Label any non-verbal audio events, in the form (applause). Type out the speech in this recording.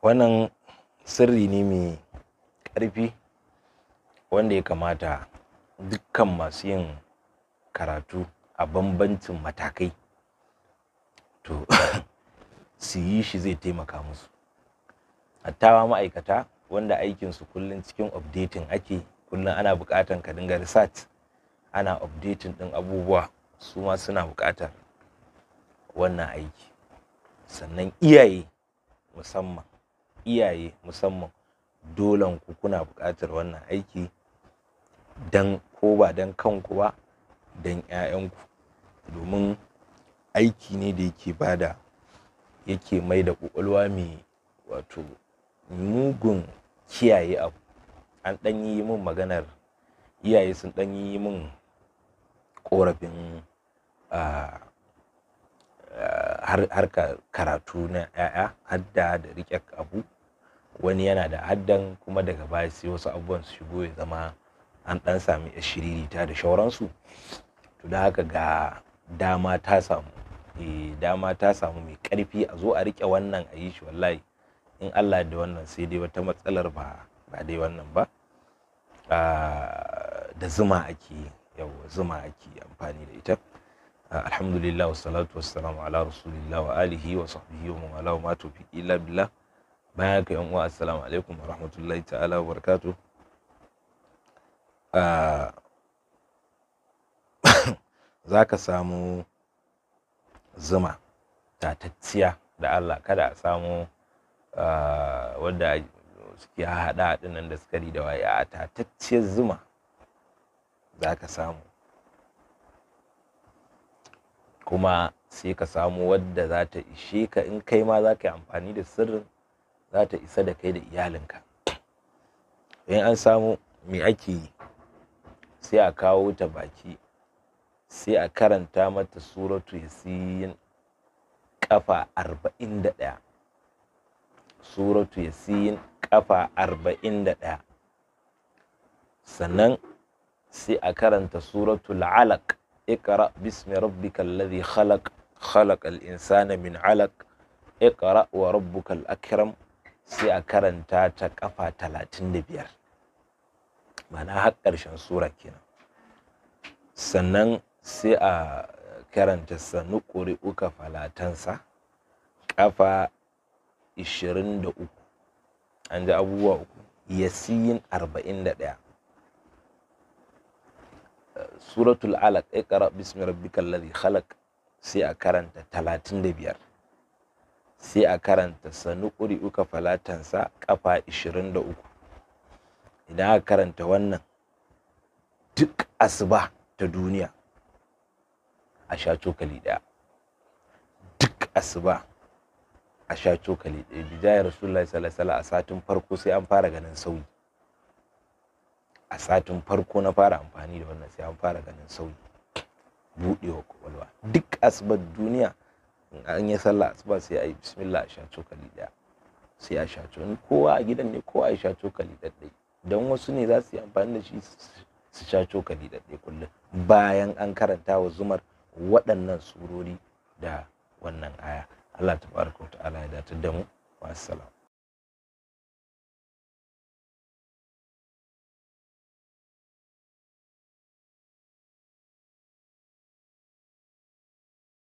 wannan sirri ne mai ƙarfi wanda ya kamata dukkan masu yin karatu a bambancin matakai to (coughs) su yi shi zai taimaka musu hattawa ma'aikata wanda aikinsu kullum cikin updating ake kullum ana buƙatar ka dinga research ana updating ɗin abubuwa su ma suna buƙatar wannan aiki sannan iyaye musamman iyaye musamman dolan ku kuna buƙatar wannan aiki dan ko ba dan kanku ba dan 'ya'yanku domin aiki ne da yake bada yake mai da ƙwaƙwalwa mai wato mugun kiyaye abu an ɗan yi min maganar iyaye sun ɗan yi min ƙorafin harka karatu na 'ya'ya hadda da riƙe abu wani yana da haddan kuma daga baya sai wasu abubuwan su shigo ya zama an dan sami shiririta da shauransu to da haka ga dama ta samu eh, dama ta samu mai karfi a zo a rike wannan a yi shi wallahi in Allah da wannan sai dai wata matsalar ba ba dai wannan ba ah, da zuma ake yau zuma ake amfani da ita ah, alhamdulillah wassalatu wassalamu ala rasulillah wa alihi wa sahbihi wa mawala ma tawfiqi billah baya ka uwa assalamu alaikum wa rahmatullahi ta'ala wa barakatu ah, (coughs) za ka samu zuma tatacciya da Allah kada a samu ah, wadda suke haɗa ɗinan da suka da waye a tatacciyar zuma za ka samu kuma sai ka samu wadda za ta ishe ka in kai ma za ka yi amfani da sirrin za ta isa da kai da iyalinka in an samu me ake yi sai a kawo ta baki sai a karanta mata suratu yasin kafa arba'in da ɗaya suratu yasin kafa arba'in da ɗaya sannan sai a karanta suratu alaq iqra bismi rabbikal ladhi khalaq khalaqal insana min alaq iqra wa rabbukal akram sai a karanta ta kafa talatin da biyar ma'ana har ƙarshen sura kenan sannan sai a karanta sanu uka falatansa kafa ishirin da uku an ji abubuwa uku yasiyin arba'in da ɗaya suratul alaq iqra bismi rabbikal ladhi khalaq sai a karanta talatin da biyar sai a karanta sanu uka falatansa ƙafa 23 idan aka karanta wannan duk asuba ta duniya a sha cokali ɗaya duk asuba a sha cokali ɗaya bijayar rasulullahi salasala a satin farko sai an fara ganin sauyi a satin farko na fara amfani da wannan sai an fara ganin sauyi buɗewa kwakwalwa duk asibar duniya in an yi sallah asuba sai a yi bismillah a sha cokali daya sai a sha cokali kowa a gidan ne kowa a sha cokali daddai don wasu ne za su yi amfani da shi su sha cokali daddai kullum bayan an karanta wa zumar waɗannan surori da wannan aya Allah ta baraka ta'ala ya datar da mu wa